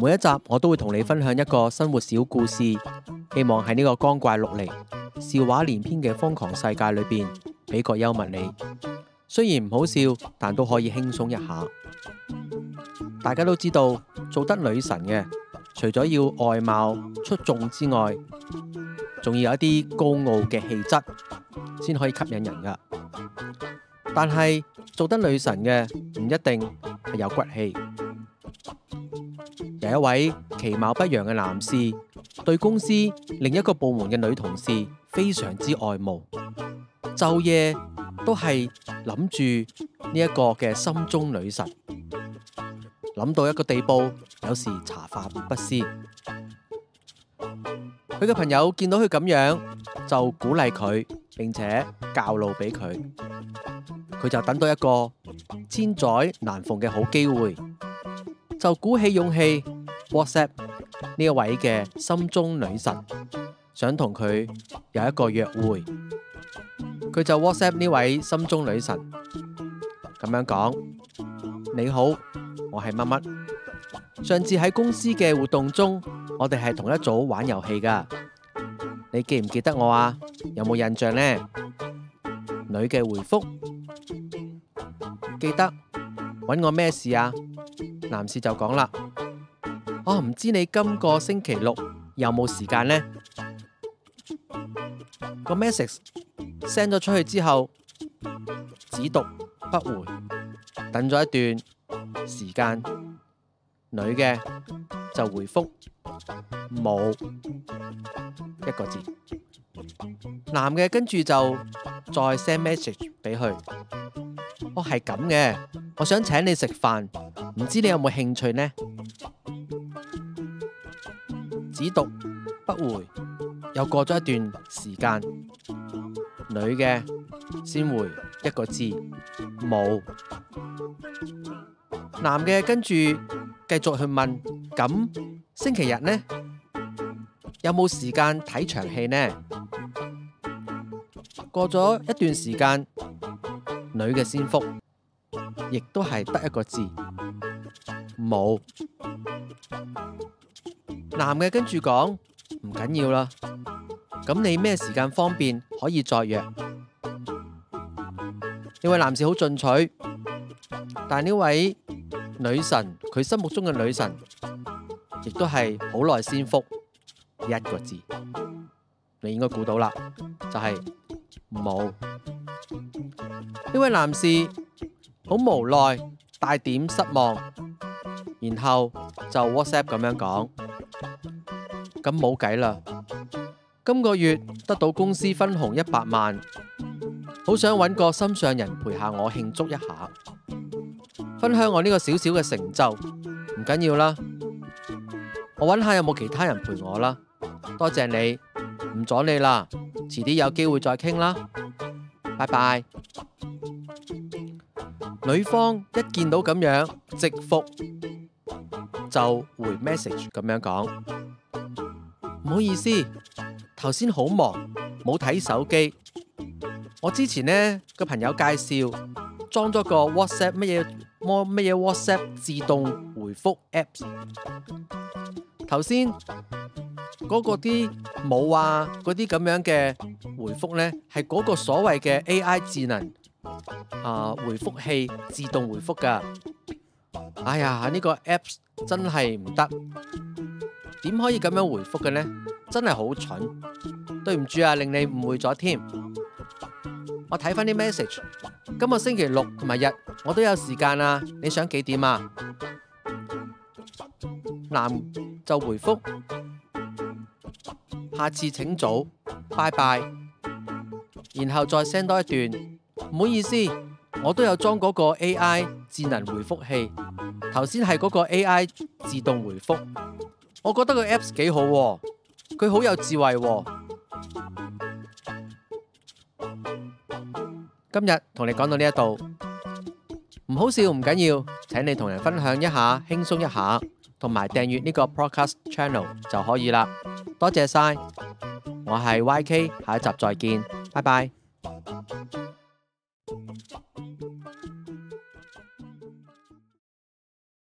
每一集我都會同你分享一個生活小故事，希望喺呢個光怪陸離、笑話連篇嘅瘋狂世界裏邊俾個幽默你。雖然唔好笑，但都可以輕鬆一下。大家都知道做得女神嘅，除咗要外貌出眾之外，仲要有一啲高傲嘅氣質，先可以吸引人㗎。但係做得女神嘅唔一定係有骨氣。有一位其貌不揚嘅男士，對公司另一個部門嘅女同事非常之愛慕，晝夜都係諗住呢一個嘅心中女神，諗到一個地步，有時茶飯不思。佢嘅朋友見到佢咁樣，就鼓勵佢，並且教路俾佢，佢就等到一個千載難逢嘅好機會，就鼓起勇氣。WhatsApp 呢位嘅心中女神，想同佢有一個約會，佢就 WhatsApp 呢位心中女神咁樣講：你好，我係乜乜。上次喺公司嘅活動中，我哋係同一組玩遊戲㗎，你記唔記得我啊？有冇印象呢？女嘅回覆記得，搵我咩事啊？男士就講啦。哦，我唔知你今個星期六有冇時間呢？個 message send 咗出去之後，只讀不回，等咗一段時間，女嘅就回覆冇一個字，男嘅跟住就再 send message 俾佢。哦，係咁嘅，我想請你食飯，唔知你有冇興趣呢？只讀不回，又過咗一段時間，女嘅先回一個字冇。男嘅跟住繼續去問，咁星期日呢，有冇時間睇場戲呢？過咗一段時間，女嘅先覆，亦都係得一個字冇。男嘅跟住講唔緊要啦，咁你咩時間方便可以再約？呢位男士好進取，但係呢位女神佢心目中嘅女神，亦都係好耐先覆，一個字，你應該估到啦，就係冇。呢位男士好無奈，帶點失望，然後就 WhatsApp 咁樣講。咁冇計啦！今個月得到公司分紅一百萬，好想搵個心上人陪下我慶祝一下，分享我呢個小小嘅成就。唔緊要啦，我搵下有冇其他人陪我啦。多謝你，唔阻你啦，遲啲有機會再傾啦，拜拜。女方一見到咁樣，即覆就回 message 咁樣講。唔好意思，頭先好忙，冇睇手機。我之前呢個朋友介紹裝咗個 WhatsApp 乜嘢麼乜嘢 WhatsApp 自動回覆 apps。頭先嗰個啲冇啊，嗰啲咁樣嘅回覆呢，係嗰個所謂嘅 AI 智能啊、呃、回覆器自動回覆噶。哎呀，呢、呢個 apps 真係唔得。點可以咁樣回覆嘅呢？真係好蠢，對唔住啊，令你誤會咗添。我睇翻啲 message，今個星期六同埋日我都有時間啊，你想幾點啊？南就回覆下次請早，拜拜。然後再 send 多一段，唔好意思，我都有裝嗰個 AI 智能回覆器頭先係嗰個 AI 自動回覆我覺得個 apps 幾好，佢好有智慧。今日同你講到呢一度，唔好笑唔緊要，請你同人分享一下，輕鬆一下，同埋訂閱呢個 podcast channel 就可以啦。多謝晒，我係 YK，下一集再見，拜拜。